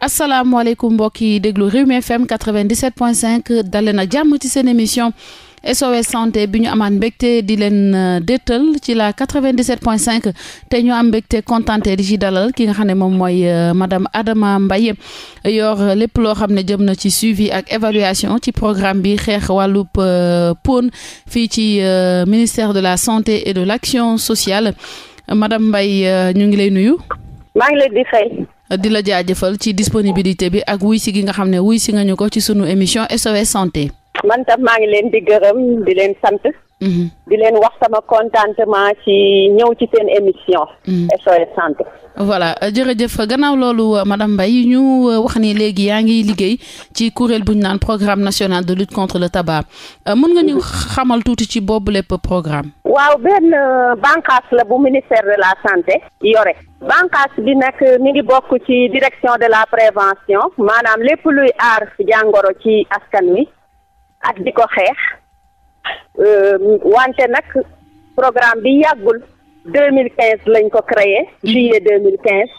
asalaamaaleykum mbokk yi déglu Rewmi FM 97.5 daleen ak jàmm ci seen émission SOS santé bi ñu amaat mbégte di leen euh, dëttal ci la 97.5 te ñu am mbégte contenté di ci dalal ki nga xam ne moom mooy euh, madame Adama Mbaye yor lépp loo xam ne jëm na ci suivi ak évaluation ci programme bi xeex wàllub euh, PON fii ci ministère de la santé et de l'action sociale madame Mbaye ñu ngi lay nuyu. maa ngi leen di fay. di la jaa jëfal ci disponibilité bi ak wuy si gi nga xam ne wuy si nga ñu ko ci sunu émission SOS santé. man tam maa ngi leen di gërëm di leen sant. Mhm. di leen wax sama contentement ci ñëw ci seen émission. SOS mhm. santé. voilà jërëjëf gannaaw loolu madame Mbaye ñu euh, wax ni léegi yaa ngi liggéey ci kuréel bu ñu naan programme national de lutte contre le tabac euh, mën nga ñu mhm. xamal tuuti ci boobu lépp programme. waaw benn euh, bànqaas la bu ministère de la santé yore. bànqaas bi nag mi ngi bokk ci direction de la prévention maanaam lépp luy aar jàngoro ci askan wi ak di ko xeex euh, wante nag programme bi yàggul deux mille quinze lañ ko créé juillet deux mille quinze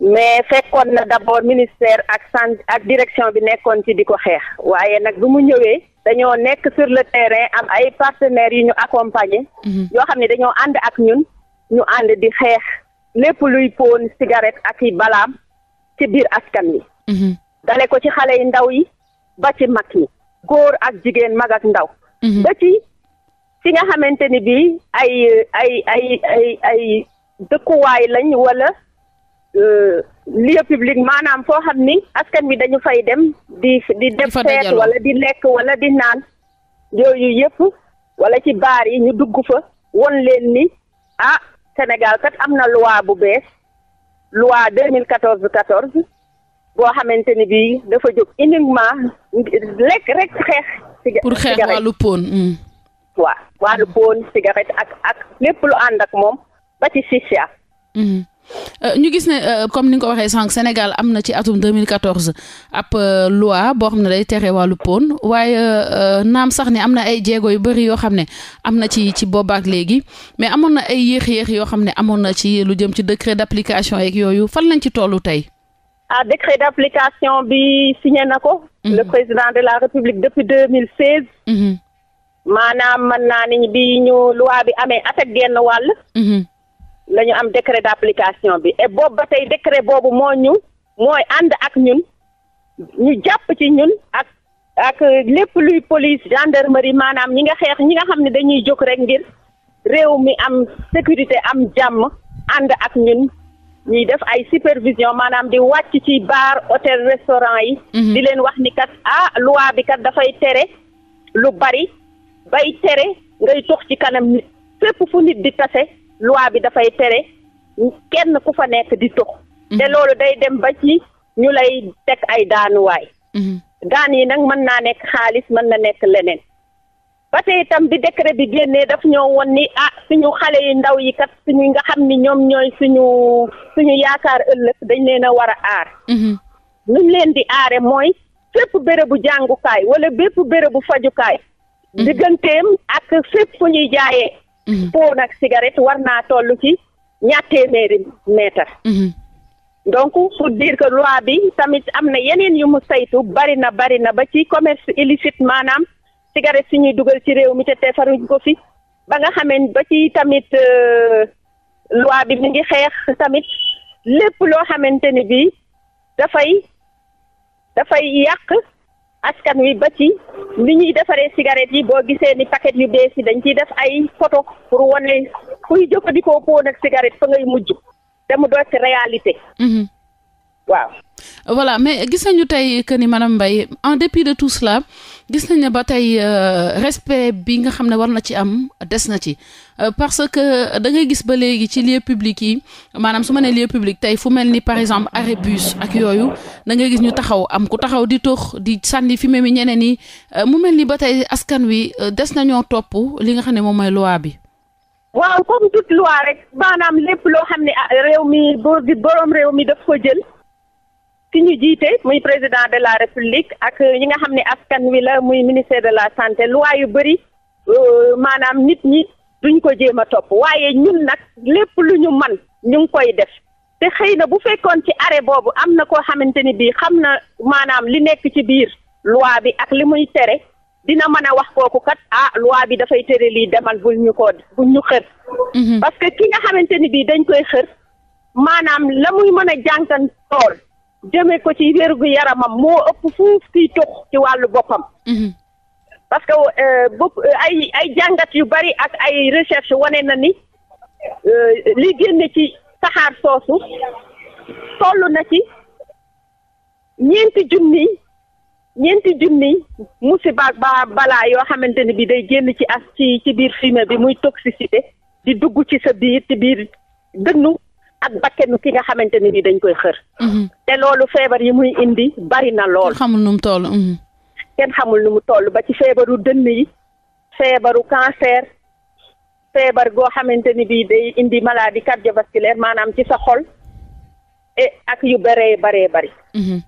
mais fekkoon na d'abord ministère ak sant ak direction bi nekkoon ci di ko xeex waaye nag bu mu ñëwee dañoo nekk sur le terrain am ay partenaires yu ñu accompagner mhm. yoo xam ne dañoo ànd ak ñun ñu ànd di xeex lépp luy poon cigarette ak i balaam ci biir askan wi mhm. dale ko ci xale yi ndaw yi ba ci mag yi góor ak jigéen mag ak ndaw mhm. ba ci fi nga xamante ni bii ay ay ay ay ay dëkkuwaay lañ wala euh, lieu public maanaam foo xam ni askan bi dañu fay dem di di def feet wala di lekk wala di naan yooyu yëpp wala ci baar yi ñu dugg fa won leen ni ah Sénégal kat am na loi bu bees loi 2014 14 boo xamante ni bii dafa jóg uniquement lekk rek xeex. cigarette pour xeex wàllu poon. Hmm. waaw poon cigarette ak ak lépp lu ànd ak moom ba ci chicha. Hmm. Euh, ñu gis ne euh, comme ni nga ko waxee sànq Sénégal am na ci atum 2014 ab euh, loi boo xam ne day tere wàllu pon waaye naam sax ne am na ay jéego yu bëri yoo xam ne am na ci ci boobaak léegi mais amoon na ay yéex-yéex yoo xam ne amoon na ci lu jëm ci décret d'application yeeg yooyu fan lañ ci tollu tey. ah décret d'application bi signé na ko. Mhm. le président de la République depuis 2016. Mhm. maanaam mën naa ni bi ñu loi bi amee at genn wàll. Mhm. lañu ñu am décret d'application bi et boobu ba tey décret boobu moo ñu mooy ànd ak ñun ñu jàpp ci ñun ak ak lépp luy police gendarmerie maanaam ñi nga xeex ñi nga xam ne dañuy jóg rek ngir réew mi am sécurité am jàmm ànd ak ñun ñuy def ay supervision maanaam di wàcc ci bar hôtel restaurant yi. Mhm. di leen wax ni kat ah loi bi kat dafay tere lu bari bay tere ngay tox ci kanam nit fépp fu nit di tase. loi bi dafay tere kenn ku fa nekk di tox te mhm. loolu day dem ba ci ñu lay teg ay daanuwaay mhm. daan yi nag mën naa nekk xaalis mën na nekk leneen ba tey itam bi décret bi génnee daf ñoo woon ni ah suñu xale yu ndaw yi kat suñu nga xam ni ñoom ñooy suñu suñu yaakaar ëllëg dañ leen a war a aar mhm. nuñ leen di aare mooy fépp bérébu jàngukaay wala bépp bérébu fajukaay digganteem ak fépp fu ñuy jaaye Mm-hmm. pot nag cigarette war naa toll ci ñaar téeméeri mètre. Mm-hmm. donc pour diir que loi bi tamit am na yeneen yu mu saytu bari na bari na ba ci commerce illicite maanaam cigarette si ñuy dugal ci réew mi te tefaruñ ko fi ba nga xamee ba ci tamit euh, loi bi mi ngi xeex tamit lépp loo xamante ni bii dafay dafay yàq. askan wi ba ci li ñuy defaree cigarette yi boo gisee ni paquet yu bees yi dañ ciy def ay photo pour wane kuy jëfandikoo poon ak cigarette fa ngay mujj te mu doon ci réalité. Mhm. waaw. voilà mais gis nañu tey que ni madame Mbaye en dépit de tout cela gis nañ ne ba tey euh, respect bi nga xam ne war na ci am des na ci euh, parce que da gis ba léegi ci lieu public yi maanaam su ma nee lieu publique tey fu mel ni par exemple arrêt bus ak yooyu da ngay gis ñu taxaw am ku taxaw di tox di sànni fumier yi ñeneen yi euh, mu mel ni ba tey askan wi des nañoo topp li nga xam ne moom mooy loi bi. waaw comme toute loi rek maanaam lépp loo xam ne ah, réew mi borom réew mi daf ko ki ñu jiite muy président de la république ak ñi nga xam ne askan wi la muy ministère de la santé loi yu bëri euh, maanaam nit ñi duñ ko jéem a topp waaye ñun nag lépp lu ñu man ñu ngi koy def te xëy na bu fekkoon ci arrêt boobu am na koo xamante ni bii xam na maanaam li nekk ci biir loi bi ak li muy tere dina mën a wax kooku kat ah loi bi dafay tere lii demal bul ñu ko bul ñu xër mhm. parce que ki nga xamante ni bii dañ koy xër maanaam la muy mën a jànkan tool jëme ko ci wérgu yaramam moo ëpp fuuf kiy tux ci wàllu boppam mhm. parce que euh, bopp euh, ay ay jàngat yu bari ak ay recherche wane na ni euh, li génne ci saxaar soosu toll na ci ñeenti junni ñeenti junni musiba ba balaa yoo xamante ni bi day génn ci as ci ci biir fumier bi muy toxicité di dugg ci sa biir ci biir dënnu ak bakkenu ki nga xamante ni ni dañ koy xër mhm. te loolu feebar yi muy indi bari na lool xamul num mu mhm. kenn xamul nu mu toll ba ci feebaru dënn yi feebaru cancer feebar goo xamante ni bii day indi maladie cardiovasculaire maanaam ci sa xol et eh, ak yu bëree baree bari mhm.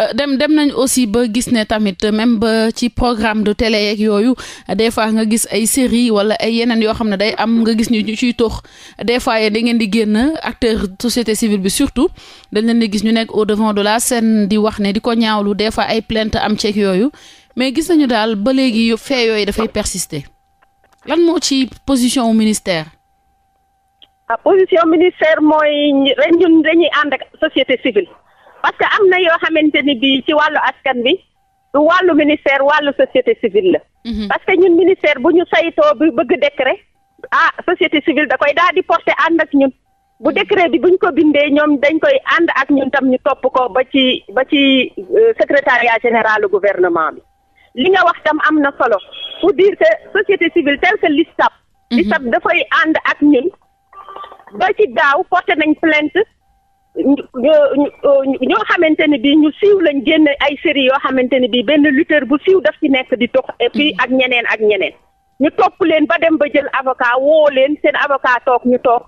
Euh, dem dem nañ aussi ba gis ne tamit même ba ci programme de télé yeeg yooyu des fois nga gis ay série wala ay yeneen yoo xam ne day am nga gis ñu ñu ciy tox des fois yéen da ngeen di génn acteur société civile bi surtout dañ leen di gis ñu nekk au devant de la scène di wax ne di ko ñaawlu des fois ay plainte am ceeg yooyu mais gis nañu daal ba léegi fee yooyu dafay persister lan moo ci position ministère. ah position ministère mooy ren ñun dañuy ànd ak société parce que am na yoo xamante ni bii ci wàllu askan bi du wàllu ministère wàllu société civile la. Mhm. parce que ñun ministère bu ñu saytoo bi bëgg décret ah société civile da koy daal di porter ànd ak ñun. bu décret bi buñ ko bindee ñoom dañ koy ànd ak ñun tam ñu topp ko ba ci ba ci euh, secrétariat général du gouvernement bi li nga wax tam am na solo pour dire que société civile tel que LISTAB. Mhm. LISTAB dafay ànd ak ñun ba ci daaw porté nañ plainte. ñoo xamante ne bii ñu siiw lañ génne ay série yoo xamante ne bii benn lutteur bu siiw daf ci nekk di tox fii ak ñeneen ak ñeneen ñu topp leen ba dem ba jël avocat woo leen seen avocat toog ñu toog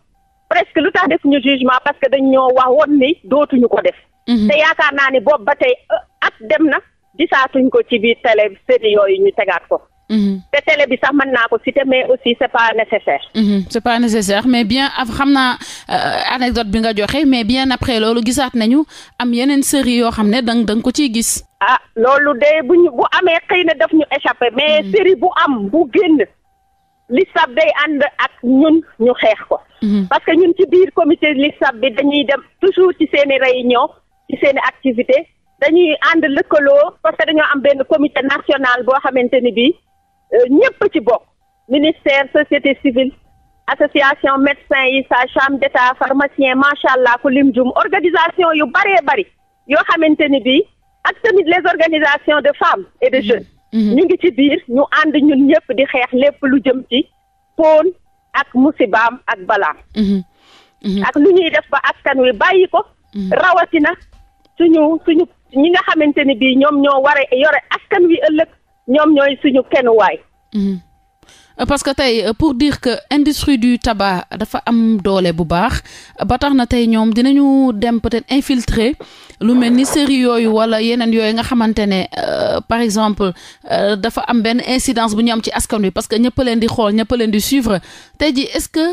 presque lu tax def ñu jugement parce que dañ ñoo wax woon ni dootuñu ko def mhm. te yaakaar naa ni boobu ba tey euh, at dem na gisaatuñ ko ci biir télé série yooyu ñu tegaat ko Mhm. te télé bi sax man naa ko citer mais aussi c'est pas nécessaire. Mhm. c'est pas nécessaire mais bien ab xam naa euh, anecdote bi nga joxe mais bien après loolu gisaat nañu am yeneen série yoo xam ne dang dang ko ciy gis. ah loolu de bu ñu bu amee xëy na daf ñu échappé mais mhm. série bu am bu génn. lissab day ànd ak ñun ñu xeex ko. parce que ñun ci biir comité lissab bi dañuy dem toujours ci seeni ñëw ci seeni activité dañuy ànd lëkkaloo parce que dañoo am benn comité national boo xamante ni bii Euh, ñëpp ci bokk ministère société civile association médecin yi sage-femme d'État pharmacien macha allah ku lim jum organisation yu bëree bëri yoo xamante ni bii ak tamit les organisations de femmes et de mm-hmm. jeunes. Mm-hmm. ñu ngi ci biir ñu ànd ñun ñëpp di xeex lépp lu jëm ci poon ak musibaam ak balaam. Mm-hmm. ak lu ñuy def ba askan wi bàyyi ko. rawatina suñu suñu ñi nga xamante ni bii ñoom ñoo war a yore askan wi ëllëg. ñoom ñooy suñu kenn waay. Mhm. Euh, parce que tey euh, pour dire que industrie du tabac dafa am doole bu baax ba tax na tey ñoom dinañu dem peut-être infiltrer lu mel ni série yooyu wala yeneen yooyu nga xamante ne euh, par exemple dafa am benn incidence bu ñu am ci askan wi parce que ñëpp leen di xool ñëpp leen di suivre tey ji est-ce que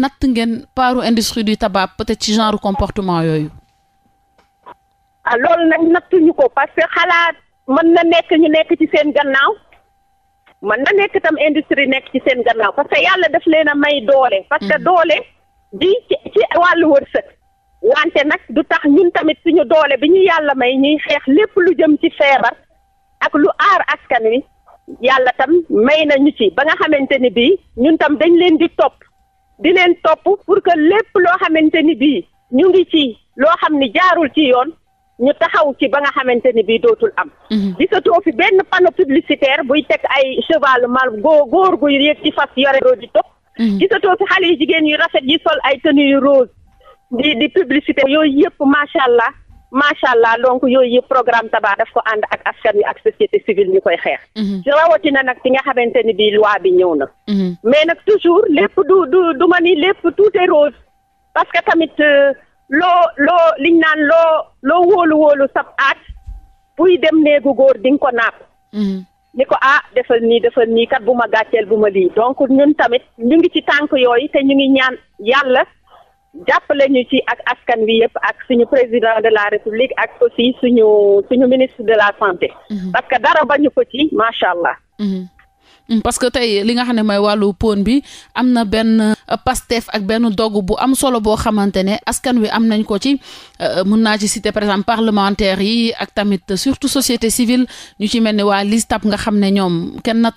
nat ngeen paaru industrie du tabac peut-être ci genre comportement yooyu. Ah, loolu nag nattuñu ko parce xalaat. mën na nekk ñu nekk ci seen gannaaw mën na nekk tam industrie nekk ci seen gannaaw parce que yàlla daf leen a may doole. parce que mm. doole di ci ci wàllu wërsëg. wante nag du tax ñun tamit suñu doole bi ñu yàlla may ñuy xeex lépp lu jëm ci feebar ak lu aar askan wi yàlla tam may na ñu ci ba nga xamante ni bii ñun tam dañ leen di topp di leen topp pour que lépp loo xamante ni bii ñu ngi ci loo xam ni jaarul ci yoon ñu taxaw ci ba nga xamante ni bii dootul am. Mhm. gisatoo fi benn panneau publicitaire buy teg ay cheval mal góor góor gu yéeg ci fas yore doo di topp. Mhm. gisatoo fi xale yu jigéen yu rafet yi sol ay tenue yu rose di di publicité yooyu yëpp macha allah macha allah donc yooy yëpp programme tabax daf ko ànd ak askan wi ak société civile ñu koy xeex. Mhm. rawatina nag ci nga xamante ni bii bi ñëw na. mais nag toujours lépp du du du ma ni lépp tout rose parce loo loo liñ naan loo loo wóolu wóolu sab aat buy dem néegu góor di nga ko napp mm-hmm. ni ko ah defal nii defal nii kat bu ma gàcceel bu ma lii donc ñun tamit ñu ngi ci tànk yooyu te ñu ngi ñaan yàlla jàppale ñu ci ak askan wi yëpp ak suñu président de la république ak aussi suñu suñu ministre de la santé. Mm-hmm. parce que dara bañu ko ci macha allah. Mm-hmm. Mm. parce que tey li nga xam ne mooy wàllu pon bi am na benn euh, pastef ak benn dogg bu am solo boo xamante ne askan wi am nañ ko ci euh, mun naa ci citer par exemple parlementaires yi ak tamit surtout société civile ñu ci mel ni waa LISTAB nga xam ne ñoom kenn na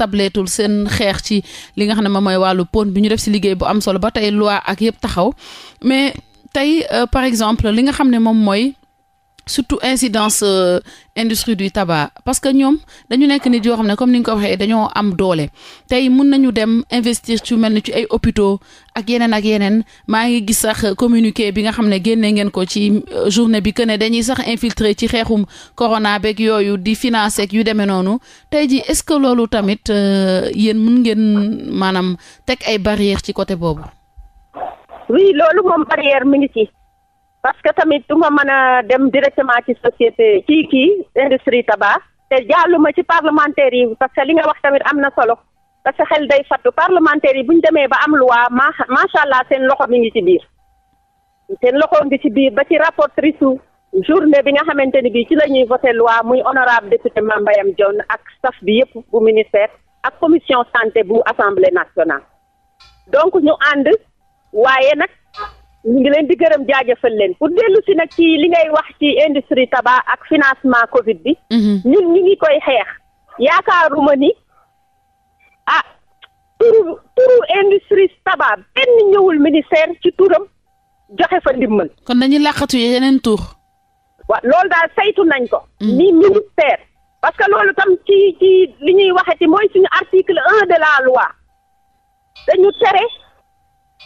seen xeex ci li nga xam ne moom mooy wàllu pon bi ñu def si liggéey bu am solo ba tey loi ak yëpp taxaw mais tey euh, par exemple li nga xam ne moom mooy surtout incidence euh, industrie du tabac parce que ñoom dañu nekk nit yoo xam ne comme ni nga ko waxee dañoo am doole tey mun nañu dem investir ci mel ni ci ay opito ak yeneen ak yeneen maa ngi gis sax communiqué bi nga xam ne génne ngeen ko ci euh, journée bi que ne dañuy sax infiltrer ci xeexum corona beeg yooyu di financer yu demee noonu tey ji est-ce que loolu tamit euh, yéen mun ngeen maanaam teg ay barrières ci côté boobu. oui loolu moom barrière mi ngi ci parce que tamit du ma mën a dem directement ci société ci kii industrie tabac te jàlluma ci parlementaire yi parce que li nga wax tamit am na solo parce que xel day fattu parlementaire yi bu demee ba am loi ma macha allah seen loxo mi ngi ci biir seen loxo ngi ci biir ba ci rapportrice su journée bi nga xamante ni bii ci la ñuy voté loi muy honorable député Mame Mbayam Dione ak staff bi yëpp bu ministère ak commission santé bu assemblée nationale donc ñu ñu ngi leen di gërëm jaajëfal leen pour dellu si nag ci li ngay wax ci industrie tabac ak financement Covid bi. Mhm. ñun ñu ngi koy xeex. yaakaaruma ni ah turu turu industrie tabac benn ñëwul ministère ci turam joxe fa ndimbal. kon dañuy làqatu yeneen tur. waaw loolu daal saytu nañ ko. Mhm. ni ministère. parce que loolu tam ci ci li ñuy waxati mooy suñu article un de la loi dañu tere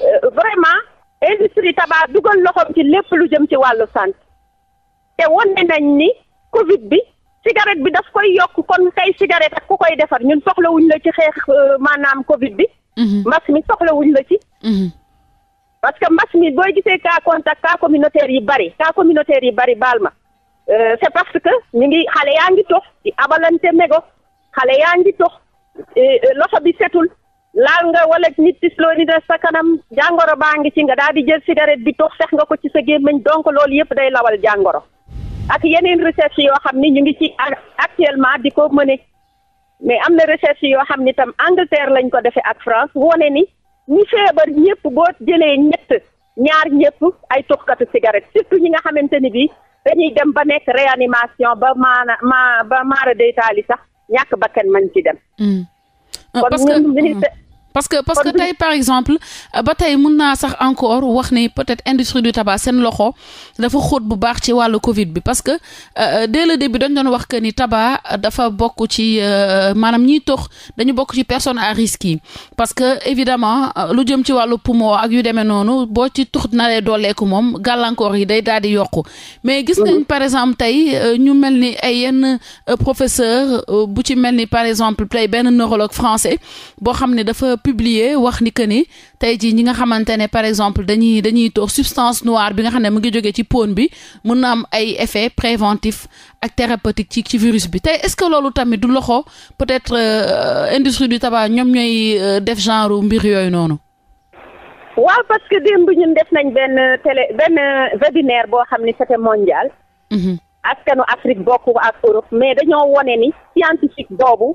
euh, vraiment. industrie tabac dugal loxoom ci lépp lu jëm ci wàllu santé te wane nañ ni Covid bi cigarette bi daf koy yokk kon tey cigarette ak ku koy defar ñun soxlawuñ la ci xeex euh, maanaam Covid bi. Mhm. mbas mi soxlawuñ la ci. Mhm. parce que mbas mi booy gisee cas contact cas communautaire yi bari cas communautaire yi bari baal ma euh, c'est parce que ñu ngi xale yaa ngi tox di abalante mego xale yaa ngi tox euh, loxo bi setul. laal nga wala nit tis loo ni des sa kanam jàngoro baa ngi ci nga daal di jël cigarette bi tox fex nga ko ci sa gémmiñ donk loolu yëpp day lawal jàngoro ak yeneen recherche yoo xam ni ñu ngi ci actuellement di ko mëne mais am na recherche yoo xam ni tam Angleterre lañ ko defee ak France wone ni ñu feebar ñëpp boo jëlee ñett ñaar ñëpp ay tuxkatu cigarette surtout ñi nga xamante ni bi dañuy dem ba nekk réanimation ba maana ma ba maara deytaali sax ñàkk bakkan mañ ci dem. Hmm. Ah, parce que parce que tey par exemple euh, ba tey mun naa sax encore wax ni peut-être industrie du tabac seen loxo dafa xóot bu baax ci wàllu Covid bi parce que euh, euh, dès le début dañu doon wax que ni tabac dafa bokk ci maanaam ñiy tox dañu bokk ci personne à risque yi parce que évidemment lu jëm ci wàllu poumon ak yu demee noonu boo ci tux naree dooleeku moom gàllankoor yi day daal di yokku mais gis nañ par exemple tey ñu mel ni ay yenn professeur bu ci mel ni par exemple benn neurologue français publier wax ni que ni tey jii ñi nga xamante ne par exemple dañuy dañuy toog substance noire bi nga xam ne mu ngi jógee ci pon bi mun na am ay effets préventifs ak thérapeutique ci ci virus bi tey est-ce que loolu tamit du loxo peut-être euh, industrie du tabac ñoom ñooy euh, def genre mbir yooyu noonu. waaw parce que démb ñun def nañ benn télé benn webinaire boo xam ni c'était mondial. Mhm. askanu Afrique bokk ak Europe mais dañoo wone ni scientifique boobu.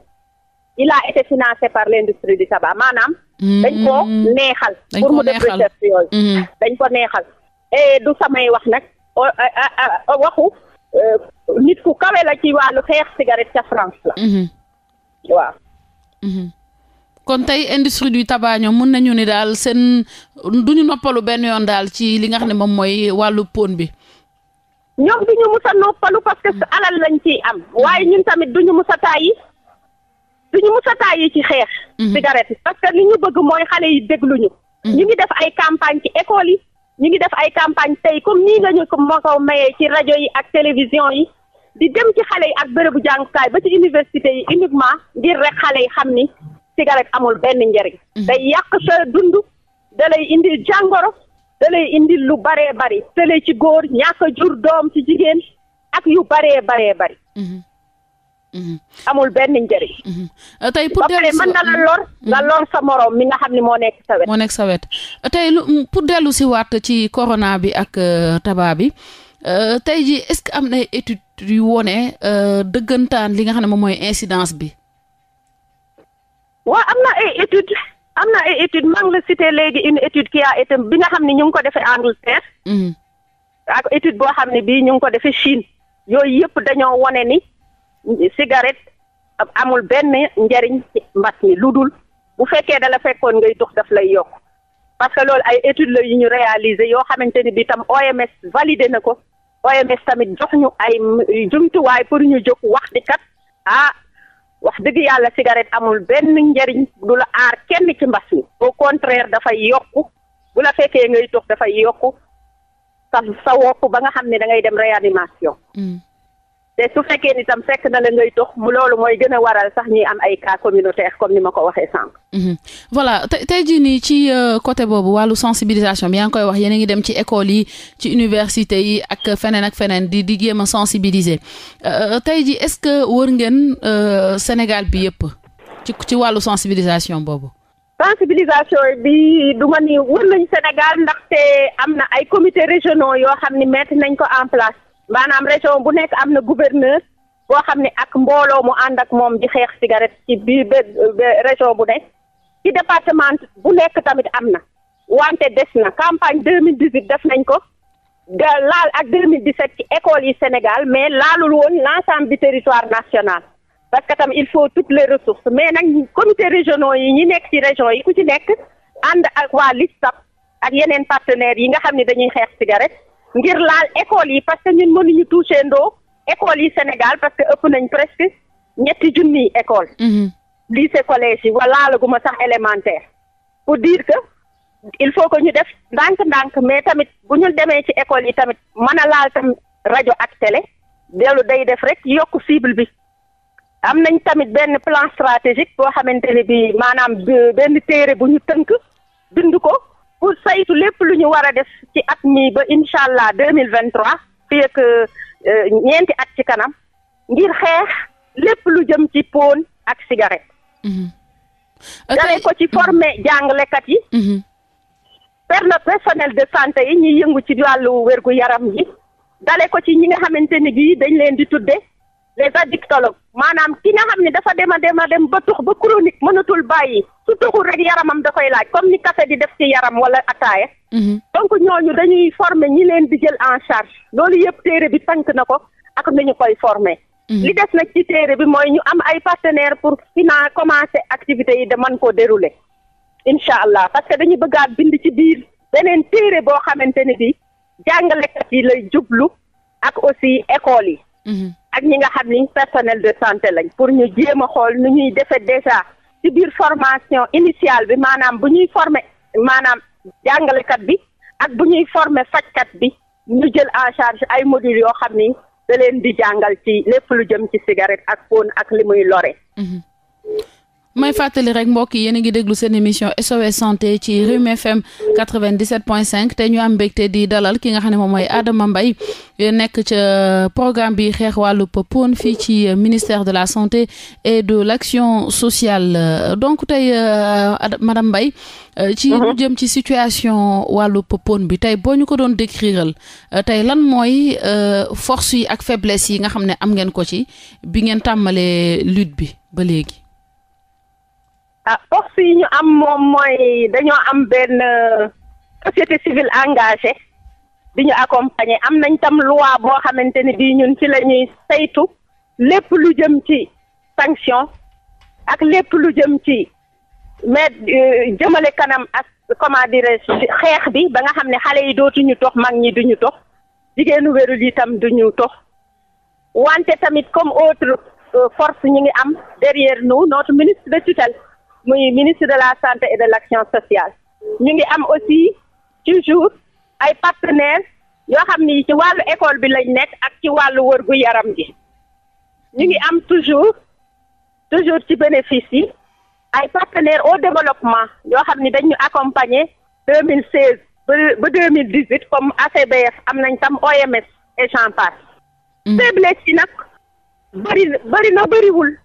il a été financé par l'industrie du tabac maanaam. Mm-hmm. dañ ko neexal. pour mu def recherche mm-hmm. dañ ko neexal et du samay wax nag waxu euh, nit ku kawe la ci wàllu xeex cigarette ca France la. Mm-hmm. waaw. kon tey industrie du tabac ñoom mun nañu ni daal seen du ñu noppalu benn yoon daal ci li nga xam ne moom mooy wàllu pon bi. ñoom du ñu mus a noppalu parce que alal lañ ciy am waaye ñun tamit du ñu mus a tàyyi duñu mus a yi ci xeex. Mhm. cigarette parce que li ñu bëgg mooy xale yi dégluñu. Mhm. ñu ngi def ay campagne ci école yi ñu ngi def ay campagne tey comme nii nga ñu ko ma ko mayee ci rajo yi ak télévision yi di dem ci xale yi ak bërëbu jàngukaay ba ci université yi uniquement ngir rek xale yi xam ni cigarette amul benn njëriñ. Mhm. day yàq sa dund da lay indil jàngoro da lay indil lu baree bari tële ci góor ñàkk jur doom ci jigéen ak yu baree baree bari. Mm-hmm. amul benn njëriñ. Mm-hmm. Euh, tey pour dellu mën na la mm-hmm. lor. sa morom mi nga xam ne moo nekk sa nekk sa euh, tey lu mm, pour dellu si waat ci corona bi ak euh, taba bi tey ji est-ce que am na étude yu wone dëggantaan li nga xam ne moom mooy insidence bi. waa am na ay étude am na ay étude maa ngi la cité léegi une étude qui a été bi nga xam ne ñu ngi ko defee Angleterre. ak étude boo xam ne bii ñu ngi ko defee Chine. yooyu yëpp dañoo wone ni. cigarette amul benn njariñ ci mbas mi lu dul bu fekkee dala fekkoon ngay dox daf lay yokk parce que loolu ay étude la yu ñu réaliser yoo xamante ni bi tam OMS validé na ko OMS tamit jox ñu ay jumtuwaay pour ñu jóg wax di kat ah wax dëgg yàlla cigarette amul benn njariñ du la aar kenn ci mbas mi au contraire dafay yokk bu la fekkee ngay tux dafay yokku sa sa wokk ba nga xam ne da ngay dem réanimation mm. te su fekkee ni tam fekk na la ngay dox mu loolu mooy gën a waral sax ñuy am ay cas communautaire comme ni ma ko waxee sànq. Mhm. voilà tey jii nii ci euh, côté boobu wàllu sensibilisation bi yaa ngi koy wax yéen a ngi dem ci école yi ci université yi ak feneen ak feneen di di jéem a sensibiliser euh, tey ji est-ce que wër ngeen euh, Sénégal bi yëpp ci ci wàllu sensibilisation boobu. sensibilisation bi du ma wër nañ Sénégal ndaxte am na ay comités régionaux yoo xam ni mettre nañ maanaam région bu nekk am na gouverneur boo xam ne ak mbooloo mu ànd ak moom di xeex cigarette ci biir région bu nekk ci département bu nekk tamit am na wante des na campagne deux mille dix huit def nañ ko ga laal ak deux mille dix sept ci école yi Sénégal mais laalul woon l' ensemble du territoire national parce que tam il faut toutes les ressources mais nag comité régionaux yi ñi nekk ci région yi ku ci nekk ànd ak waa LISTAB ak yeneen partenaires yi nga xam ne dañuy xeex cigarette ngir laal école yi parce que ñun mënuñu touché ndoo école yi Sénégal parce que ëpp nañ presque ñetti junniy école mhm. lycée collège yi wala laalaguma sax élémentaire pour dire que il faut que ñu def ndànk-ndànk mais tamit bu ñu demee ci école yi tamit mën a laal tam rajo ak télé dellu day def rek yokk cible bi am nañ tamit benn plan stratégique boo xamante ne bi maanaam euh, benn téere bu ñu tënk bind ko pour saytu lépp lu ñu war a def ci at mi ba incha allah deux mille vingt trois fii euh, ñeenti at ci kanam ngir xeex lépp lu jëm ci poon ak cigarette. Mhm. dale ko ci former mhm. jàngalekat yi. Mhm. per le personnel de santé yi ñuy yëngu ci wàllu wérgu yaram yi. dale ko ci ñi nga xamante ni bii dañ leen di tudde les addictologues maanaam ki nga xam ne dafa dem a dem a dem ba tux ba chronique mënatul bàyyi su tuxul rek yaramam da koy laaj comme ni café di def ci yaram wala ataaya. Mhm. donc ñooñu dañuy forme ñi leen di jël en charge loolu yëpp téere bi tànk na ko ak nañu koy former. Mhm. li des nag ci téere bi mooy ñu am ay partenaires pour finan commencer activités yi de mën koo dérouler incha allah parce que dañu bëggaat bind ci biir beneen téere boo xamante ne bi jàngalekat yi lay jublu ak aussi école yi. Mhm. ak ñi nga xam ni personnel de santé lañ pour ñu jéem a xool nu ñuy defee déjà ci biir formation initiale bi maanaam bu ñuy former maanaam jàngalekat bi ak bu ñuy former fajkat bi ñu jël en charge ay modules yoo xam ni da leen di jàngal ci lépp lu jëm ci cigarette ak fóon ak li muy lore. Mhm. may fàttali rek mbokk yi yéen a ngi déglu seen émission SOS santé ci Rewmi FM 97.5 te ñu am mbégte di dalal ki nga xam ne moom mooy Adama Mbaye nekk ca programme bi xeex wàllu PON fii ci ministère de la santé et de l'action sociale donc tey euh, madame Mbaye euh, ci lu mhm. jëm ci situation wàllu PON bi tey boo ñu ko doon décriral euh, tey lan mooy force yi ak faiblesse yi nga xam ne am ngeen ko ci bi ngeen tàmbalee lutte bi ba léegi. ah force yi ñu am moom mooy dañoo am benn euh, société civile engagée di ñu accompagner am nañ tam loi boo xamante ni bii ñun ci la ñuy saytu lépp lu jëm ci sanction ak lépp lu jëm ci mais euh, jëmale kanam ak comment dirais-je xeex bi ba nga xam ne xale yi dootuñu tox mag ñi duñu tox jigéenu wérul yi tam duñu tox wante tamit comme autre euh, force ñu ngi am derrière nous notre ministre de tutelle muy ministre de la santé et de l'action sociale ñu ngi am aussi toujours ay partenaires yoo xam ni ci wàllu école bi lañ nekk ak ci wàllu wërgu yaram gi ñu ngi am toujours toujours ci bénéfice yi ay partenaires au développement yoo xam ni dañ ñu accompagner deux mille seize ba ba deux mille dix huit comme ACBF am nañ tam OMS et j'en passe. Mm. faiblesse yi nag bari bëri na bëriwul.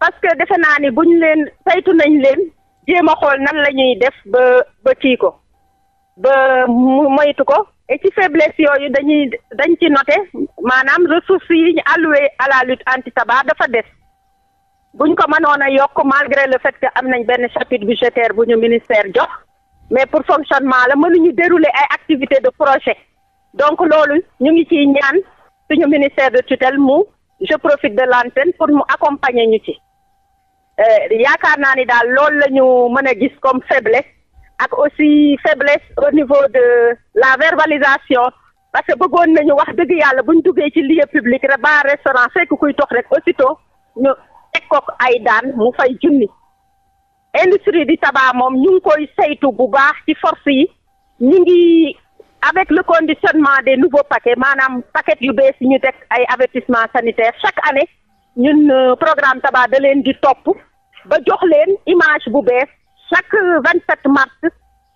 parce que defe naa ni buñ leen saytu nañ leen jéem a xool nan la ñuy def ba ba kii ko ba mu moytu ko et ci faiblesse yooyu dañuy dañ ci noté maanaam ressources yi ñu alloué à la lutte anti tabac dafa des buñ ko mënoon a yokk malgré le fait que am nañ benn chapitre budgétaire bu ñu ministère jox mais pour fonctionnement la mënuñu dérouler ay activité de projet donc loolu ñu ngi ciy ñaan suñu ministère de tutelle mu je profite de l'antenne pour mu accompagner ñu ci eh, yaakaar naa ni daal lool lañu mën a gis comme faiblesse ak aussi faiblesse au niveau de la verbalisation parce que bëggoon nañu wax dëgg yàlla buñ duggee ci lieu public rek ba restaurant fekk kuy tox rek aussitôt ñu teg ko ay daan mu fay junni industrie du tabac moom ñu ngi koy saytu bu baax ci force yi ñu ngi avec le conditionnement des nouveaux paquets maanaam paquet yu bees yi ñu teg ay avertissement sanitaire chaque année ñun euh, programme tabac da leen di topp ba jox leen image bu bees chaque vingt sept mars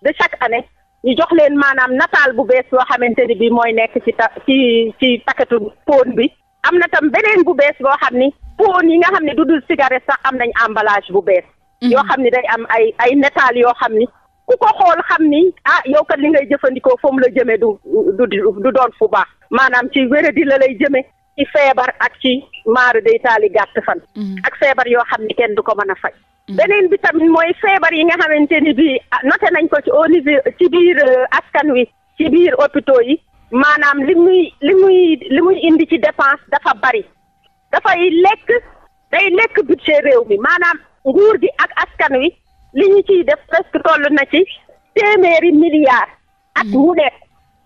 de chaque année ñu jox leen maanaam nataal bu bees yoo xamante ni bi mooy nekk ci ta ci ci paquetu pon bi am na tam beneen bu bees boo xam ni pon yi nga xam ne du dul cigarette sax am nañ emballage bu bees mhm. yoo xam ni day am ay ay nataal yoo xam ni ku ko xool xam ni ah yow kat li ngay jëfandikoo fa la jëmee du du du doon fu baax maanaam ci wéradi la lay jëmee ci feebar ak ci maaru day taali gàtt fan. Mm-hmm. ak feebar yoo xam ni kenn du ko mën a fay mm-hmm. beneen bi tamit mooy feebar yi nga xamante ni bii ah, noté nañ ko ci au niveau ci biir euh, askan wi ci biir hôpitaux yi maanaam li muy li muy li muy indi ci dépense dafa bari dafay lekk day lekk budget réew mi maanaam nguur gi ak askan wi li ñu ciy def presque toll na ci téeméeri milliards at hmm. mu nekk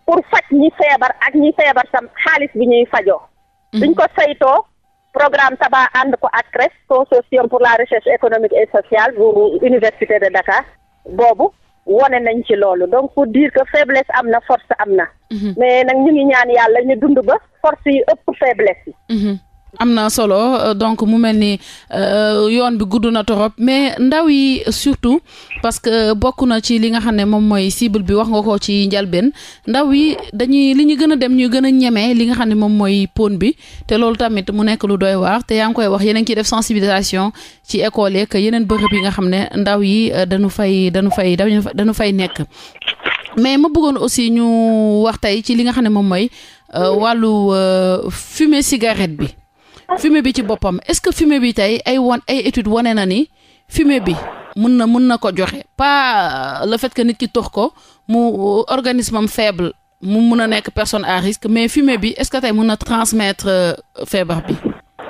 pour faj ñi feebar ak ñi feebar sam xaalis bi ñuy fajoo hmm. duñ ko saytoo programme taba ànd ko ak CRES consortium pour la recherche économique et sociale bu université de Dakar boobu wone nañ ci loolu donc pour dire que faiblesse am na force am na hmm. mais nag ñu ngi ñaan yàlla ñu dund ba force yi ëpp faiblesse yi am na solo euh, donc mu mel ni euh, yoon bi gudd na torop mais ndaw yi surtout parce que bokk na ci li nga xam ne moom mooy cible bi wax nga ko ci njalbeen ndaw yi dañuy li ñu gën a dem ñu gën a ñeme li nga xam ne moom mooy pon bi te loolu tamit mu nekk lu doy te yaa ngi koy wax yeneen ciy def sensibilisation ci école yeeg yeneen bërëb yi nga xam ne ndaw yi euh, dañu fay dañu fay dañu fay nekk mais ma bëggoon aussi ñu wax tey ci li nga xam ne moom mooy wàllu fumer cigarette bi. fumée bi ci boppam est-ce que fumée bi tey ay wan ay étude wane na ni fumée bi mun na mun na ko joxe pas euh, le fait que nit ki tox ko mu euh, organisme am faible mu mun a nekk personne à risque mais fumée bi est-ce que tey mun na transmettre euh, feebar bi.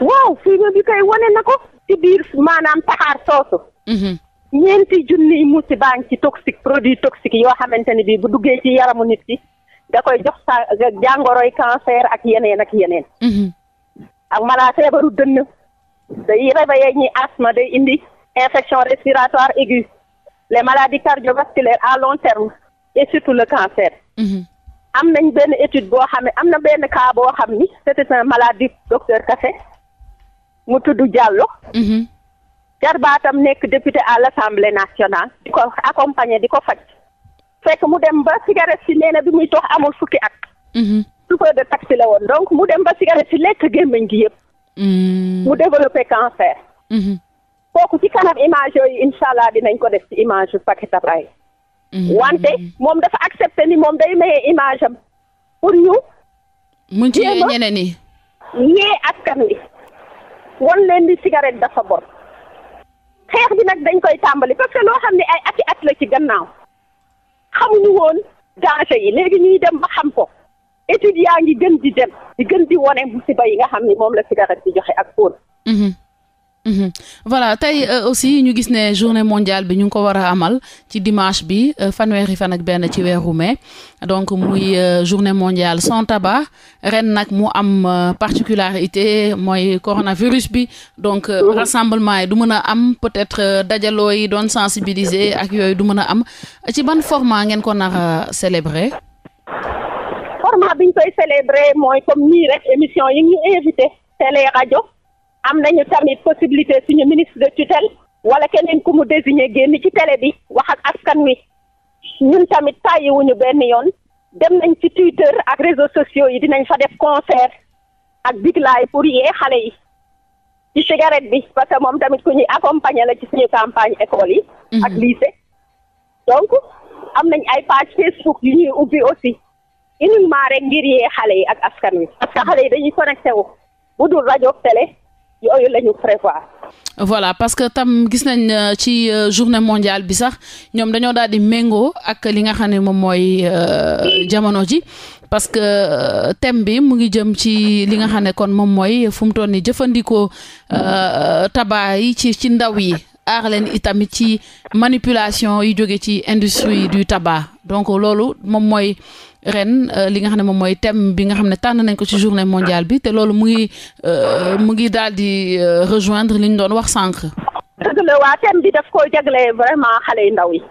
waaw fumée bi kay wane na ko. ci biir maanaam taxaar soosu. Mhm. ñeenti junniy musiba ngi ci toxique produit toxique yoo xamante ni bii bu duggee ci yaramu nit ki da koy jox sa jàngoroy cancer ak yeneen ak yeneen. Mhm. ak maanaam feebaru dënn day réveillé ñi asthme day indi infection respiratoire aiguë les maladies cardiovasculaires à long terme et surtout le cancer. Mhm. am nañ benn étude boo xam ne am na benn cas boo xam ni c'était un malade du docteur Kassé mu tudd Diallo. Mhm. jarbaatam nekk député à l'Assemblée nationale. di ko accompagner di ko faj. fekk mu dem ba cigarette si nee na bi muy tox amul fukki at. Mhm. chauffeur de taxi la woon donc mu dem ba cigarette si lekk gémmiñ gi yëpp. Mm. mu développé cancer. Mm-hmm. kooku ci kanam image yooyu incha dinañ ko def ci image yu Paketa Braye. Mm-hmm. wante moom dafa accepté ni moom day maye image am pour ñu. mu ci ñeneen ñi yee askan wi won leen ni cigarette dafa bon xeex bi nag dañ koy tàmbali parce loo xam ne ay ati at la ci gannaaw xamuñu woon danger yi léegi ñuy dem ba xam ko. étudiants ngi gën di dem di gën di wone musiba yi nga xam ni moom la cigarette di joxe ak fóon mhm. Mhm. voilà tey euh, aussi ñu gis ne journée mondiale bi ñu ngi ko war a amal ci dimanche bi euh, fanweeri fan ak benn ci weeru mai donc muy euh, journée mondiale sans tabac ren nag mu am euh, particularité mooy coronavirus bi donc euh, mhm. rassemblement yi du mën a am peut-être dajaloo yi doon sensibiliser ak yooyu du mën a am ci ban format ngeen ko nar a célébrer format bi ñu koy célébrer mooy comme nii rek émission yi ñu invité télé rajo am nañu tamit possibilité suñu ministre de tutelle wala keneen ku mu désigné génn ci télé bi wax ak askan wi ñun tamit tàyyiwuñu benn yoon dem nañ ci Twitter ak réseaux sociaux yi dinañ fa def concert ak biglaay pour yee xale yi ci cigarette bi parce que moom tamit ku ñuy accompagner la ci suñu campagne école yi. ak mhm. lycée donc am nañ ay page Facebook yu ñuy ubbi aussi. uniquement rek ngir yee xale yi ak askan wi parce que xale yi dañuy connecté wu bu dul rajo télé yooyu la ñu prévoir. voilà parce que tam gis nañ euh, ci euh, journée mondiale bi sax ñoom dañoo daal di méngoo ak li nga xam ne moom mooy euh, jamono ji parce que thème bi mu ngi jëm ci li nga xam ne kon moom mooy fu mu toll nii jëfandikoo tabac yi ci ci ndaw yi. aar leen itamit ci manipulation yi jóge ci industrie du tabac donc loolu moom mooy ren euh, li nga xam ne moom mooy thème bi nga xam ne tànn nañ ko ci journée mondiale bi te loolu mu ngi euh, mu ngi daal di euh, rejoindre li ñu doon wax sànq. dëgg la waa thème bi daf koy jagle vraiment xale yu ndaw yi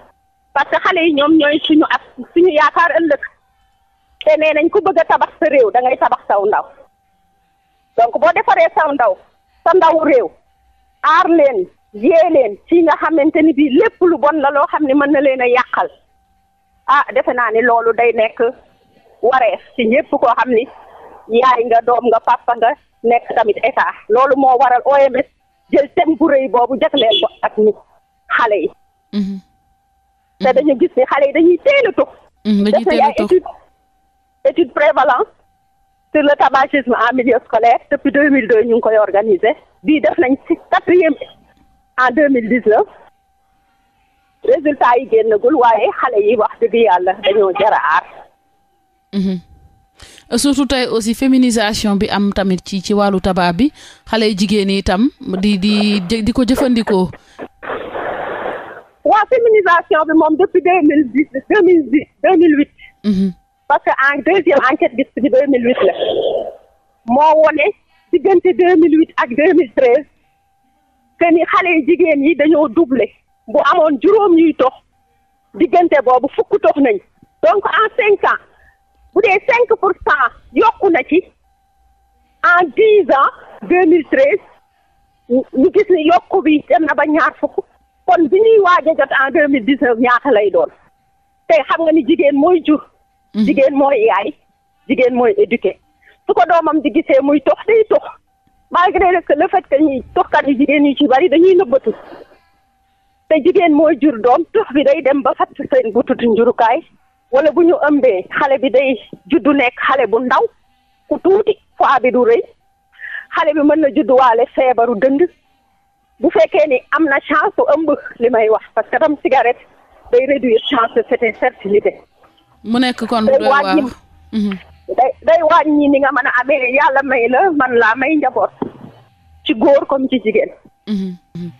parce que xale yi ñoom ñooy suñu ak suñu yaakaar ëllëg te nee nañ ku bëgg a tabax sa réew da ngay tabax saw ndaw donc boo defaree saw ndaw sa ndaw réew aar leen yée leen ci nga xamante ni bii lépp lu bon la loo xam ne mën na leen a yàqal. ah defe naa ni loolu day nekk wareef ci ñëpp koo xam ni yaay nga doom nga papa nga nekk tamit état loolu moo waral OMS jël thème bu rëy boobu jagleel ko ak ñu xale yi. Mm-hmm. te mm-hmm. dañu gis ni xale yi dañuy teel a tux. Mm-hmm. dañuy teel a tux étude étude prévalence sur le tabagisme en milieu scolaire depuis deux mille deux ñu ngi koy organisé bii def nañ ci quatrième en deux mille dix neuf résultat yi génnagul waaye xale yi wax dëgg yàlla dañoo jar mhm. surtout aussi féminisation bi am tamit ci ci wàllu tabaab bi xale yu jigéen yi itam di di di ko jëfandikoo. waaw féminisation bi moom depuis deux mille dix deux mille dix deux mille huit. Mhm. parce que en deuxième enquête gis deux mille huit diggante deux mille huit ak deux mille treize que ni xale yu jigéen yi dañoo doublé. bu amoon juróom ñuy tox diggante boobu fukk tox nañ donc en cinq ans bu dee cinq pour cent yokku na ci en dix ans deux mille treize ñu gis ni yokku bi dem na ba ñaar fukk kon bi ñuy waaj jot en deux mille dix neuf ñaata lay doon te xam nga ni jigéen mooy jur mhm. jigéen mooy yaay jigéen mooy éduqué su ko doomam di gisee muy tox day tox malgré que le fait que ñuy toxkat yu jigéen ñu ci bari dañuy nëbbatu te jigéen mooy jur doom tux bi day dem ba fatt seen butut njurukaay wala bu ñu ëmbee xale bi day juddu nekk xale bu ndaw ku tuuti foie bi du rëy xale bi mën na judduwaale feebaru dënd bu fekkee ni am na chance bu ëmb li may wax parce que tam cigarette day réduire chance de fertilité mu nekk kon day wàññi mhm. day day wàññi ni nga mën a amee yàlla may la man laa may njaboot ci góor comme ci jigéen mhm. Mhm.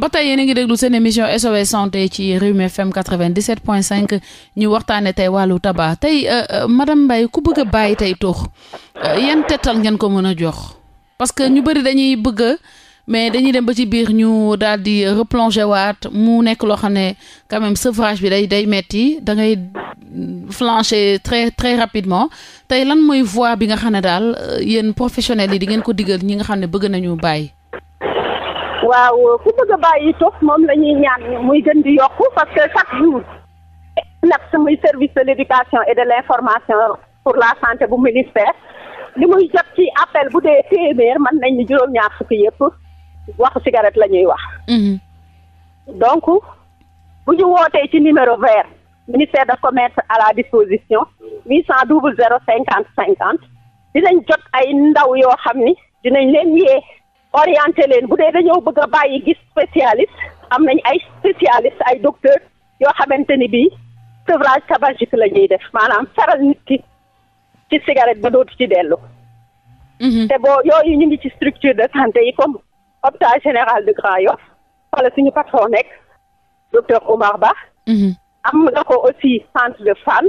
ba tey yéen a ngi déglu seen émission SOS santé ci Rewmi FM 97.5 ñu waxtaanee tey wàllu tabac tey euh, euh, madame mbay ku bëgg a bàyyi tey tux euh, yan tettal ngeen ko mën a jox parce que ñu bëri dañuy bëgg mais dañuy dem ba ci biir ñu daal di replonger waat mu nekk loo xam ne quand même sevrage bi day day metti da ngay flancher très très rapidement tey lan mooy voie bi nga xam ne daal yéen professionnels yi di ngeen ko digal ñi nga xam ne bëgg nañu bàyyi. waaw ku bëgg a bàyyi tox moom la ñuy ñaan muy gën di yokku parce que chaque jour nag muy service de l' et de l' information pour la santé bu ministère li muy jot ci appel bu dee téeméer mën nañu juróom-ñaar fukki yëpp waxu cigarette la ñuy wax mhm. donc bu ñu wootee ci numéro vert ministère daf ko mettre à la disposition huit cent double zéro cinquante cinquante dinañ jot ay ndaw yoo xam ni dinañ leen yee orienté leen bu dee dañoo bëgg bàyyi gis spécialiste am nañ ay spécialiste ay docteur yoo xamante ni bii sevrage tabagique la ñuy def maanaam saral nit ki ci cigarette ba dootu ci dellu. Mhm. te boo yooyu ñu ngi ci structure de santé yi comme hôpital général de Grand Yoff wala suñu patron nekk docteur Omar Ba. Mhm. am na ko aussi centre de Fann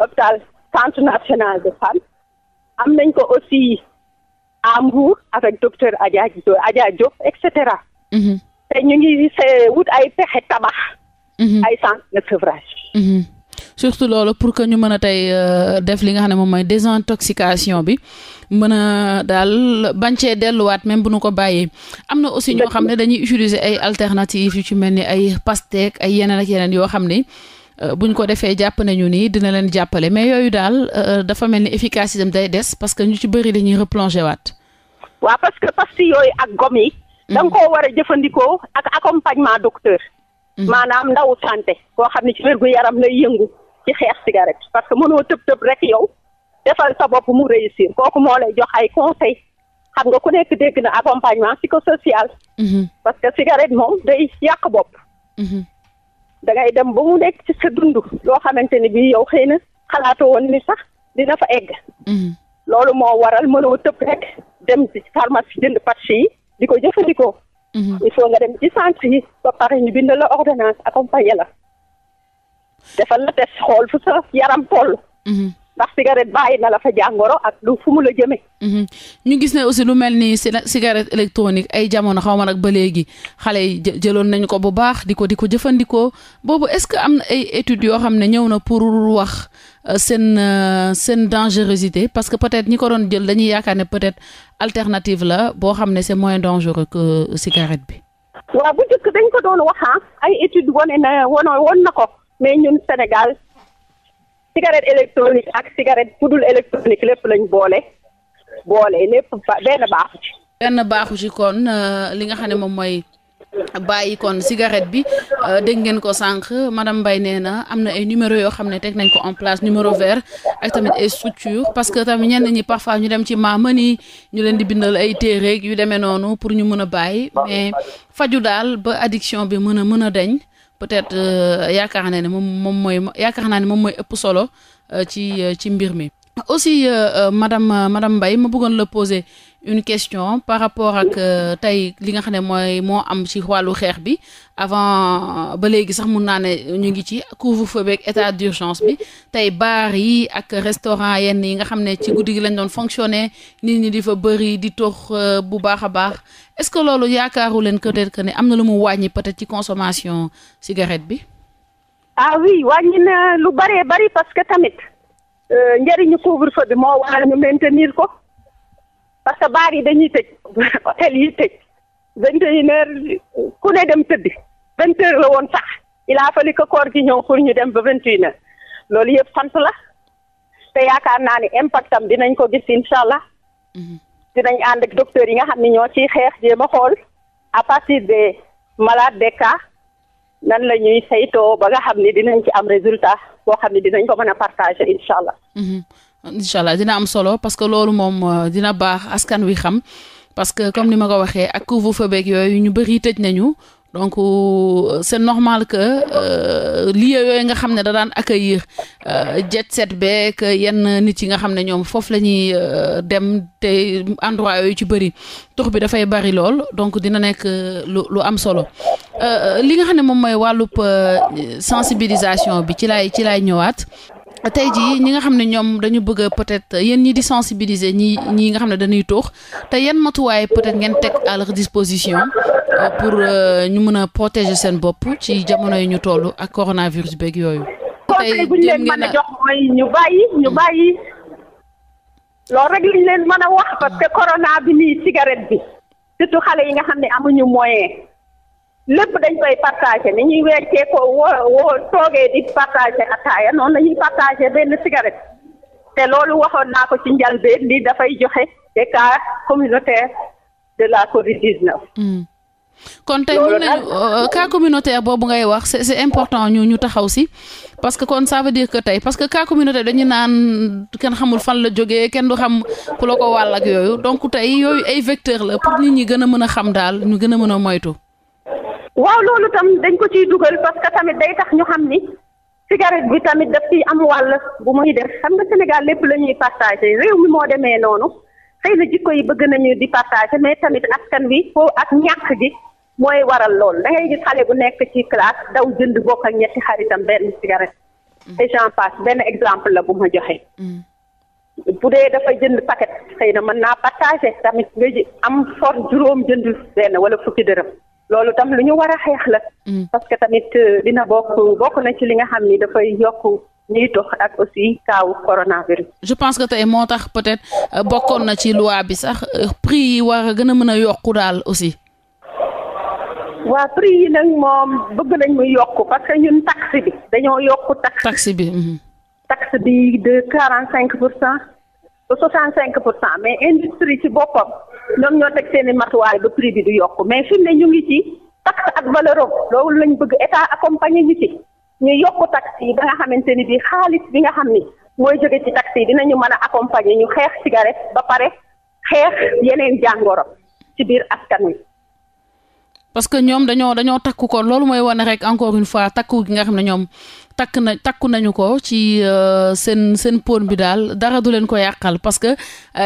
hôpital centre national de Fann am nañ ko aussi. à Mbour avec docteur Adja Adja Diop et cetera. Mm-hmm. te ñu ngi wut ay pexe tabax. Mm-hmm. ay centre de sevrage. Mm-hmm. surtout loolu pour que ñu mën a tey euh, def li nga xam ne moom mooy désintoxication bi mën a daal bañ cee delluwaat même bu nu ko bàyyee. am na aussi ñoo xam ne dañuy utiliser ay alternatives yu ci mel ni ay pastèque ay yeneen ak yeneen yoo xam ne. Euh, buñ ko defee jàpp nañu ni dina leen jàppale mais yooyu daal euh, dafa mel ni efficacité day des parce que ñu ci bëri dañuy replongé waat. waa parce que pastille yooyu ak gom yi. Mm. da nga koo war a jëfandikoo ak accompagnement docteur. Mm. maanaam ndaw santé. koo xam ne ci wérgu yaram lay yëngu ci xeex cigarette parce que mënoo tëb tëb rek yow defal sa bopp mu réussir kooku moo lay jox ay conseil xam nga ku nekk dégg na accompagnement psychosocial. Mm-hmm. parce que cigarette moom day yàq bopp. Mm-hmm. da ngay dem ba mu nekk ci sa dund loo xamante ni bii yow xëy na xalaatoo woon ni sax dina fa egg. Mhm. loolu moo waral mënoo tëb rek dem ci pharmacie jënd pàcc yi di ko jëfandikoo. Mhm. il faut nga dem ci centre yi ba pare ñu bind la ordonnance accompagner la defal la test xool fu sa yaram toll. Mhm. ndax cigarette bàyyi na la fa jàngoro ak lu fu mu la jëmee. Mhm. ñu gis ne aussi lu mel ni cigarette électronique ay jamono xaw ma nag ba léegi xale yi jëloon nañu ko bu baax di ko di ko jëfandikoo boobu est-ce que am na ay études yoo xam ne ñëw na pour wax euh, seen euh, seen dangerosité parce que peut-être ñi ko doon jël dañuy yaakaar ne peut-être alternative la boo xam ne c'est moins dangereux que euh, cigarette bi. waaw bu njëkk dañ ko doon wax ah, ay études wane na woon na ko mais ñun Sénégal. cigarette électronique ak cigarette pudul électronique lépp lañ boole boole lépp benn baaxu ci. benn baaxu ci kon euh, li nga xam ne moom mooy. bàyyi kon cigarette bi euh, dégg ngeen ko sànq madame Mbaye nee na am na ay numéro yoo xam ne teg nañ ko en place numéro vert ak tamit ay structure parce que tamit ñenn ñi parfois ñu dem ci maama ni ñu leen di bindal ay téereeg yu demee noonu pour ñu mën a bàyyi mais faju daal ba addiction bi mën a mën a deñ peut-être euh, yaakaar naa ne moom moom mooy yaakaar naa ne moom mooy ëpp solo euh, ci euh, ci mbir mi. aussi euh, euh, madame euh, madame Mbaye ma bëggoon la poser une question par rapport ak euh, tey li nga xam ne mooy moo am ci wàllu xeex bi avant euh, ba léegi sax mun naa ne ñu ngi ci couvre-feu beeg état d'urgence bi tey baar yi ak restaurant yenn yi nga xam ne ci guddi gi lañ doon fonctionner nit ñi di fa bëri di tox bu baax a baax est-ce que loolu yaakaaru leen peut-être que ne am na lu mu wàññi peut-être ci consommation cigarette bi. ah oui wàññi na lu bëree bëri parce que tamit. Euh, njëriñu couvre-feu bi moo waral ñu maintenir ko parce que baar yi dañuy tëj hôtel yi tëj vingt ku ne dem tëddi vingt la woon sax il a fallu que koor gi ñëw pour ñu dem ba vingt et une loolu yëpp sant la te yaakaar naa ni impact am dinañ ko gis incha allah mhm. dinañ ànd ak yi nga xam ni ñoo ciy xeex jéem a xool à partir des malades de cas nan la ñuy saytoo ba nga xam ne dinañ ci am résultat boo xam ne dinañ ko mën a partager incha allah. Mhm. incha allah dina am solo parce que loolu moom euh, dina baax askan wi xam parce que comme ni ma ko waxee ak couvre-feu beeg yooyu ñu bëri tëj nañu. donc euh, c'est normal que euh, lieu yooyu nga xam ne da daan accueillir jet set beeg yenn nit yi nga xam ne ñoom foofu la ñuy dem te endroit yooyu ci bëri tux bi dafay bëri lool donc dina nekk lu lu am solo Euh, li nga xam ne moom mooy wàllub euh, sensibilisation bi ci lay ci laay ñëwaat tey ji ñi nga xam ne ñoom dañu bëgga a peut-être euh, yéen ñi di sensibiliser ñi ñi nga xam ne dañuy tuux te yan matuwaay peut-être ngeen teg à leur disposition pour ñu mën a protéger seen bopp ci jamono yi ñu toll ak coronavirus beeg yooyu. tey bu ñu a jox mooy ñu bàyyi ñu bàyyi loolu a wax parce xale yi nga xam ne amuñu moyen. lépp dañ koy partagé ni ñuy weccee ko toogee di partagé ataaya noonu la ñuy partagé benn cigarette te loolu waxoon naa ko ci njalbeen li dafay joxe des cas communautaires de la Covid 19. Hmm. kon tey mën nañu euh, communautaire boobu ngay wax c'est important ñu ñu taxaw si parce que kon ça veut dire que tey parce que ka communautaire dañu naan kenn xamul fan la jógee kenn du xam ku la ko wàll yooyu donc tey yooyu ay vecteur la pour nit ñi gën a mën a xam daal ñu gën a mën a moytu. waaw loolu tam dañ ko ciy dugal parce que tamit day tax ñu xam ni cigarette bi tamit daf ciy am wàll bu muy def xam nga Sénégal lépp la ñuy partagé réew mi moo demee noonu xëy na jikko yi bëgg nañu di partagé mais tamit askan wi foo ak ñaq gi mooy waral loolu da ngay gis xale bu nekk ci classe daw jënd bokk ak ñetti xaritam benn cigarette. Mm. te j'en passe benn exemple la bu ma joxe. Mm. bu dee dafa jënd paquet xëy na mën naa partagé tamit nga ji am for juróom jëndul benn wala fukki dërëm. loolu tam lu ñu war a xeex la. Mm. parce que tamit euh, dina bokk bokk na ci li nga xam ni dafay yokk ñuy tox ak aussi kaawu coronavirus. je pense que tey moo tax peut-être euh, bokkoon na ci loi bi sax euh, prix yi gën a mën a yokku daal aussi. waa yi nag moom bëgg nañ mu yokk parce que ñun taxe bi dañoo yokk taxe. taxe bi. Mhm. taxe bi de quarante cinq pour cent ba soixante cinq pour cent mais industrie ci boppam ñoom ñoo teg seen i matuwaay ba prix bi du yokk mais fi mu ne ñu ngi ci taxe ak valero loolu lañu bëgg état accompagner ñu ci ñu yokk taxe yi ba nga xamante ni bi xaalis bi nga xam ni mooy jóge ci taxe yi dinañu mën a accompagner ñu xeex cigarette ba pare xeex yeneen jàngoro ci biir askan wi. parce que ñoom dañoo dañoo takku ko loolu mooy wane rek encore une fois takku gi nga xam ne ñoom takk na takku nañu ko ci euh, seen seen pône bi daal dara du leen ko yàqal parce que euh,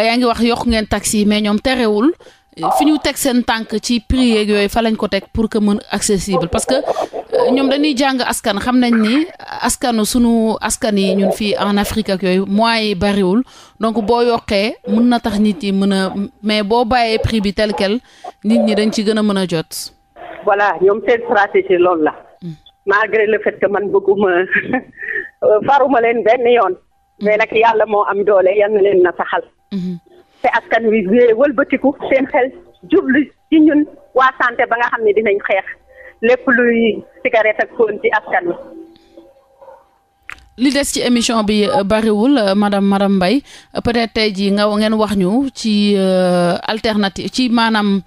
yaa ngi wax yokk ngeen taxi yi mais ñoom terewul. ñu teg seen tànk ci prix yeeg yooyu fa lañ ko teg pour que mën accessible parce que euh, ñoom dañuy jàng askan xam nañ ni askanu sunu askan yi ñun fii en Afrique ak yooyu moyens yi bariwul donc boo yokkee mën na tax nit yi mën a mais boo bàyyee prix bi tel nit ñi dañ ci gën a mën a jot. voilà ñoom seen stratégie loolu la hmm. malgré le fait que man bëgguma faruma leen benn yoon mais nag yàlla moo am doole yal na leen na saxal hmm. te askan wi walbatiku seen xel jublu ci ñun waa santé ba nga xam ne dinañ xeex lépp luy cigarette ak fóon ci askan wi li des ci émission bi euh, bariwul euh, madame madame mbay euh, peut-être tey jii nga ngeen wax ñu ci alternative ci maanaam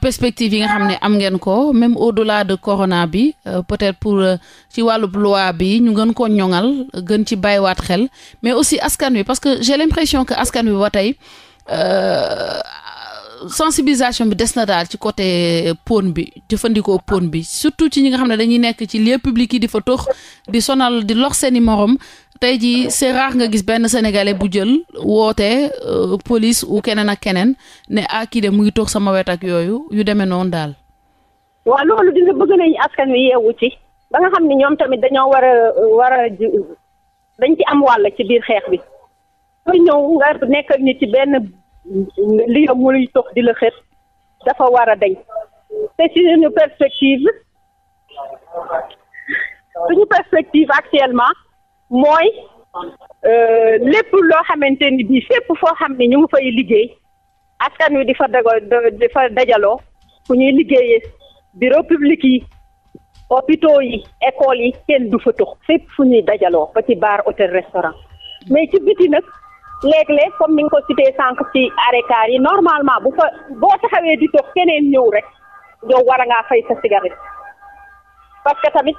perspective yi nga xam ne am ngeen ko même au-delà de corona bi peut-être pour ci wàllub loi bi ñu gën ko ñoŋal gën ci baywaat xel mais aussi askan wi parce que j'ai l'impression que askan wi ba tey sensibilisation bi des na daal ci côté euh, pon bi jëfandikoo pon bi surtout ci ñi nga xam ne dañuy nekk ci lieu public yi di fa tox di sonal di lox seeni morom tey jii c'est rare nga gis benn sénégalais bu jël woote euh, police ou keneen ak keneen ne ah kii de mu ngi tox sama wet ak yooyu yu demee noonu daal. waaw loolu dina bëgg nañu askan yeewu ci ba nga xam ne ñoom tamit dañoo war a dañ ci am wàll ci biir xeex bi. sooy ñëw nga nekk nit ci benn. li nga muy tox di la xët dafa war a dañ te si suñu perspective suñu perspective actuellement mooy euh, lépp loo xamante ni bii fépp foo xam ne ñu ngi fay liggéey askan wi di fa dago di fa dajaloo fu ñuy liggéeyee bureau public yi hôpitaux yi écoles yi kenn du fa tux fépp fu ñuy dajaloo ba ci bar hôtel restaurant mais ci biti nag léeg-léeg comme ni nga ko cité sànq ci arrêt car yi normalement bu fa boo taxawee di toog keneen ñëw rek yow war a ngaa fay sa cigarette parce que tamit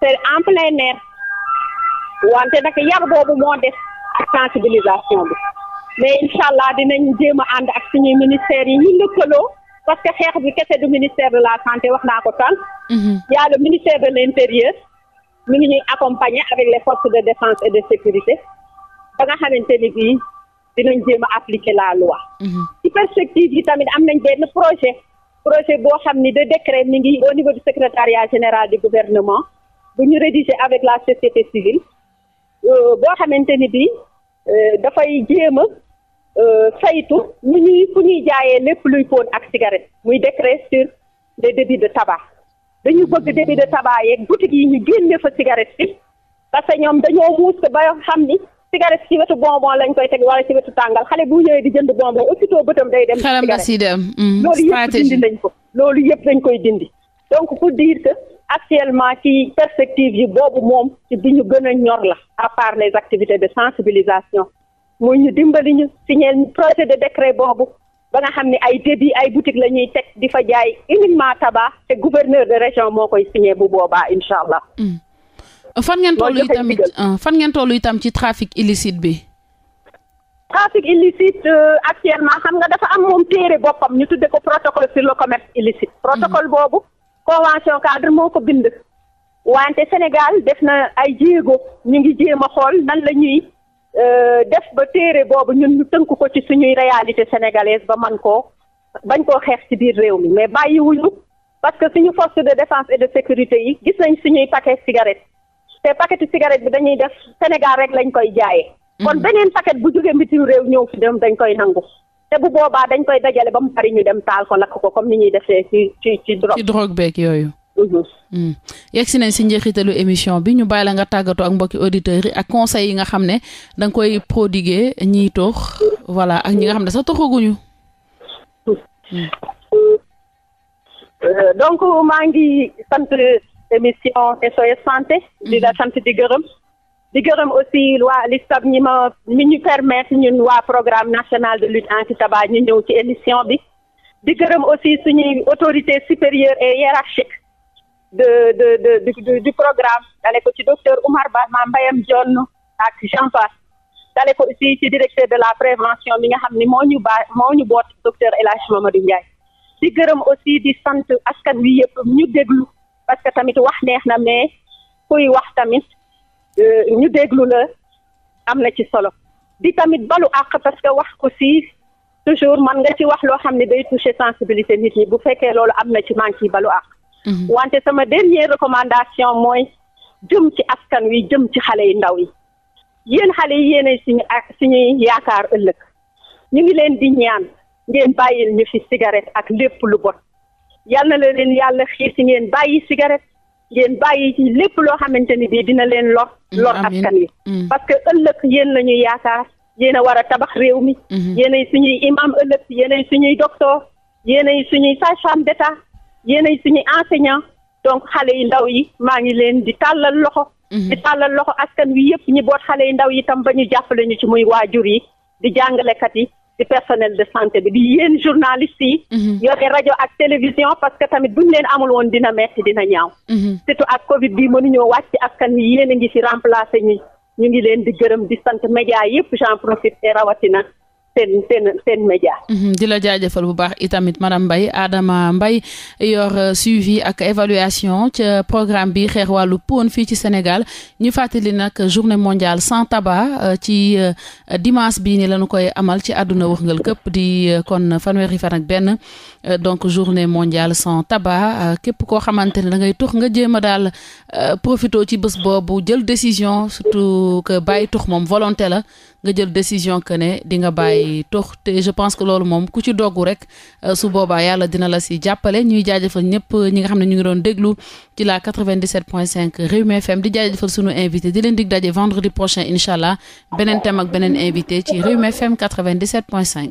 c'est en plein air wante nag yar boobu moo def ak sensibilisation bi mais incha allah dinañ jéem a ànd ak suñuy ministères yi ñu lëkkaloo parce que xeex bi kese du ministère de la santé wax naa ko tànn. Mhm. y a le ministère de l'intérieur mi ngi ñuy accompagner avec les forces de défense et de sécurité. ba nga xamante bi dinañ jéem a appliquer la loi. Mhm. ci perspective yi tamit am nañ benn projet projet boo xam ni de décret mi ngi au niveau du secrétariat général du gouvernement bu ñu rédigé avec la société civile euh, boo xamante ni bii euh, dafay jéem a euh, saytu ñu ñuy fu ñuy jaayee lépp luy poon ak cigarette muy décret sur les débits de tabac dañu bëgg débit de tabac yeeg boutique yi ñu génne fa cigarette fi parce que ñoom dañoo muus ba xam ni. cigarette ci wetu bonbon lañ koy teg wala ci wetu tàngal xale bu ñëwee di jënd bonbon aussitôt bëtam day dem xalam da si dem hmm, loolu yëpp dindi nañ ko loolu yëpp dañ koy dindi donc pour dire que actuellement ci perspective yi boobu moom ci bi ñu gën a ñor la à part les activités de sensibilisation muy ñu dimbali ñu signer projet de décret boobu ba nga xam ne ay débit ay boutique la ñuy teg di fa jaay uniquement tabac te gouverneur de région moo koy signer bu boobaa incha allah hmm. Euh, fan ngeen toll itam euh, fan ngeen toll itam ci trafic illicite bi. trafic illicite euh, actuellement xam nga dafa am moom téere boppam ñu tudde ko protocole sur le commerce illicite. Mhm. protocole boobu convention cadre moo ko bind. wante Sénégal def na ay jéego ñu ngi jéem a xool nan la ñuy def ba téere boobu ñun ñu tënk ko ci suñuy réalité sénégalaise ba man ko bañ koo xeex ci biir réew mi mais bàyyiwuñu parce que suñu force de défense et de sécurité yi gis nañ suñuy paquet cigarette te paquetu cigarette bi dañuy def Sénégal rek lañ koy jaayee. kon mm-hmm. beneen paquet bu jógee mbitim réew ñëw fi dem dañ koy nangu. te bu boobaa dañ koy dajale ba mu bari ñu dem taal ko lakk ko comme ni ñuy defee ci ci ci drogue. ci yooyu. Mm-hmm. Mm. yegg si nañ si njeexitalu émission bi ñu bàyyi la nga tàggatoo ak mbokki auditeurs yi ak conseils yi nga xam ne da nga koy prodiguer ñiy toox voilà ak ñi nga xam ne sa toxaguñu. Mm. Euh, donc maa ngi émission SOS santé. Mhm. di la sant di gërëm. di gërëm aussi waa LISTAB ñi ma ñi ñu permettre ñun waa programme national de lutte anti-tabac ñu ñëw ci émission bi. di gërëm aussi suñuy autorité supérieure et hiérarchique de de de du programme dale ko ci docteur Oumar Ba ma Mbayam Dione ak Jean Pass dale ko aussi ci directeur de la prévention mi nga xam ni moo ñu ba moo ñu boot docteur El Hadj Mamadou Ndiaye di gërëm aussi di sant askan wi yëpp ñu déglu. parce que tamit wax neex na mais kuy wax tamit euh, ñu déglu la am na ci solo di tamit balu àq parce que wax ko si toujours man nga ci wax loo xam ne day toucher sensibilité nit ñi bu fekkee loolu am na ci maa ngi ciy balu àq. Mhm. wante sama dernière recommandation mooy jëm ci askan wi jëm ci xale yu ndaw yi yéen xale yi yéenay suñu ak suñuy yaakaar ëllëg ñu ngi leen di ñaan ngeen bàyyil ñu fi cigarette ak lépp lu bon. yal na leen yàlla xiir ci ngeen bàyyi cigarette ngeen bàyyi ci lépp loo xamante ni bii dina leen lor. Mm-hmm. lor askan wi. Mm-hmm. parce que ëllëg yéen la yaakaar yéen a war a tabax réew mi. Mm-hmm. yéenay suñuy imam ëllëg yéenay suñuy docteur yéenay suñuy sage-femme d'État yéenay suñuy enseignant donc xale yu ndaw yi maa ngi leen di tàllal loxo. di tàllal loxo askan wi yëpp ñi boot xale yu ndaw yi tam ba ñu jàppale ñu ci muy waajur yi di jàngalekat yi. di personnel de santé bi di yéen journalistes yi. Mhm. yore rajo ak télévision parce que tamit bu ñu leen amul woon dina metti dina ñaaw. Mhm. surtout ak Covid bi mënuñoo wàcc askan wi yéen a ngi ci remplacer ñu ñu ngi leen di gërëm di sant média yëpp j'en profite rawatina. seen seen seen média mhm, di la jaajëfal bu baax itamit madame mbay Adama Mbaye yor euh, suivi ak évaluation ca euh, programme bi xeex wàllu poone fii ci Sénégal ñu fàttali nag journée mondiale sans taba euh, ci dimanche bii ni lañu koy amal ci àdduna wërngal këpp di kon fanweeri fan ak benn donc journée mondiale sans taba képp koo xamante ne da ngay tux nga jéem a daal profito ci bés boobu jël décision surtout que bàyyi tux moom volonté la nga jël décision que ne di nga bàyyi mm. tox te je pense que loolu moom ku ci doggu rek euh, su boobaa yàlla dina la si jàppale ñuy jaajëfal ñëpp euh, ñi nga xam ne ñu ngi doon déglu ci la 97.5 Rewmi FM di jaajëfal sunu invité di leen dig daje di prochain incha allah beneen thème ak beneen invité ci Rewmi FM 97.5.